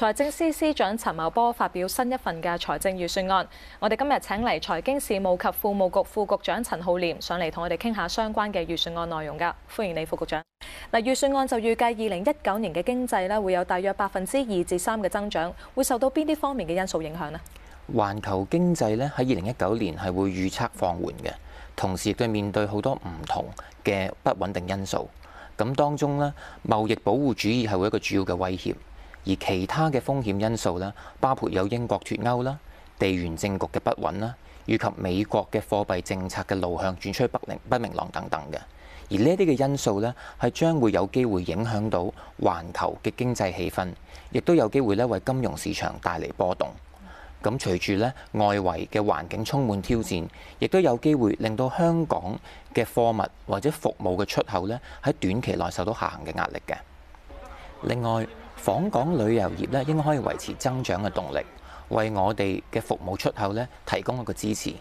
財政司司長陳茂波發表新一份嘅財政預算案，我哋今日請嚟財經事務及庫務局副局長陳浩濂上嚟同我哋傾下相關嘅預算案內容噶，歡迎你，副局長。嗱，預算案就預計二零一九年嘅經濟呢會有大約百分之二至三嘅增長，會受到邊啲方面嘅因素影響呢？環球經濟呢喺二零一九年係會預測放緩嘅，同時亦都面對好多唔同嘅不穩定因素。咁當中呢，貿易保護主義係會一個主要嘅威脅。而其他嘅風險因素啦，包括有英國脫歐啦、地緣政局嘅不穩啦，以及美國嘅貨幣政策嘅路向轉出不明不明朗等等嘅。而呢啲嘅因素咧，係將會有機會影響到環球嘅經濟氣氛，亦都有機會咧為金融市場帶嚟波動。咁隨住咧外圍嘅環境充滿挑戰，亦都有機會令到香港嘅貨物或者服務嘅出口咧喺短期內受到下行嘅壓力嘅。另外，訪港旅遊業咧，應該可以維持增長嘅動力，為我哋嘅服務出口咧提供一個支持。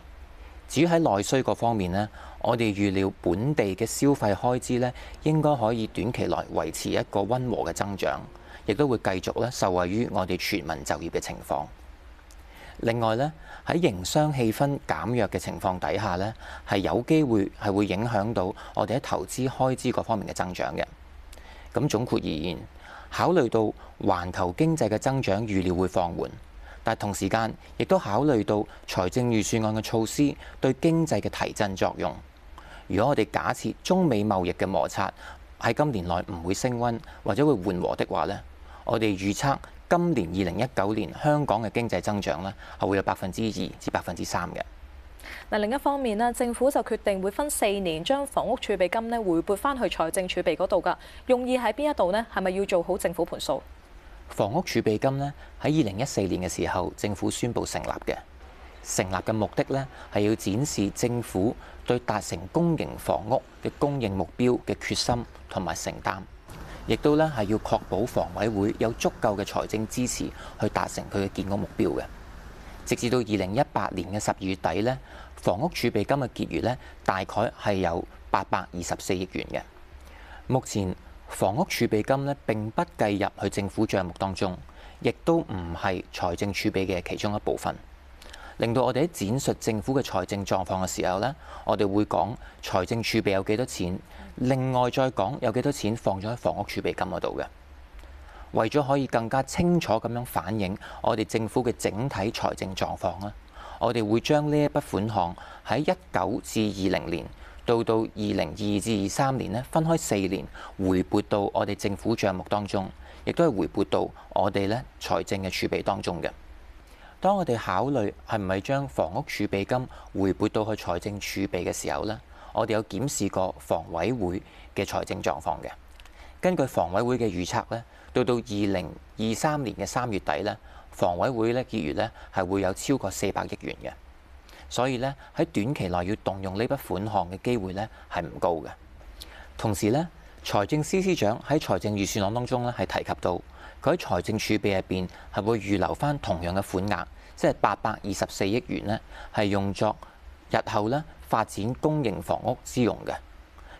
至於喺內需各方面咧，我哋預料本地嘅消費開支咧應該可以短期內維持一個溫和嘅增長，亦都會繼續咧受惠於我哋全民就業嘅情況。另外咧喺營商氣氛減弱嘅情況底下咧，係有機會係會影響到我哋喺投資開支各方面嘅增長嘅。咁總括而言，考慮到環球經濟嘅增長預料會放緩，但同時間亦都考慮到財政預算案嘅措施對經濟嘅提振作用。如果我哋假設中美貿易嘅摩擦喺今年內唔會升溫或者會緩和的話呢，我哋預測今年二零一九年香港嘅經濟增長呢係會有百分之二至百分之三嘅。嗱另一方面咧，政府就決定會分四年將房屋儲備金咧回撥翻去財政儲備嗰度噶，用意喺邊一度呢？係咪要做好政府盤數？房屋儲備金咧喺二零一四年嘅時候，政府宣布成立嘅，成立嘅目的呢，係要展示政府對達成公營房屋嘅供應目標嘅決心同埋承擔，亦都咧係要確保房委會有足夠嘅財政支持去達成佢嘅建屋目標嘅。直至到二零一八年嘅十二月底咧，房屋儲備金嘅結餘咧，大概係有八百二十四億元嘅。目前房屋儲備金咧並不計入去政府賬目當中，亦都唔係財政儲備嘅其中一部分，令到我哋喺展述政府嘅財政狀況嘅時候咧，我哋會講財政儲備有幾多錢，另外再講有幾多錢放咗喺房屋儲備金嗰度嘅。為咗可以更加清楚咁樣反映我哋政府嘅整體財政狀況啦，我哋會將呢一筆款項喺一九至二零年到到二零二至二三年咧，分開四年回撥到我哋政府帳目當中，亦都係回撥到我哋咧財政嘅儲備當中嘅。當我哋考慮係唔係將房屋儲備金回撥到去財政儲備嘅時候咧，我哋有檢視過房委會嘅財政狀況嘅。根據房委會嘅預測咧，到到二零二三年嘅三月底咧，房委會咧結餘咧係會有超過四百億元嘅，所以咧喺短期內要動用呢筆款項嘅機會咧係唔高嘅。同時咧，財政司司長喺財政預算案當中咧係提及到，佢喺財政儲備入邊係會預留返同樣嘅款額，即係八百二十四億元咧，係用作日後咧發展公營房屋之用嘅。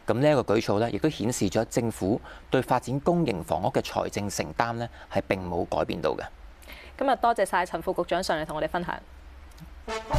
咁呢一個舉措咧，亦都顯示咗政府對發展公營房屋嘅財政承擔咧，係並冇改變到嘅。今日多謝晒陳副局長上嚟同我哋分享。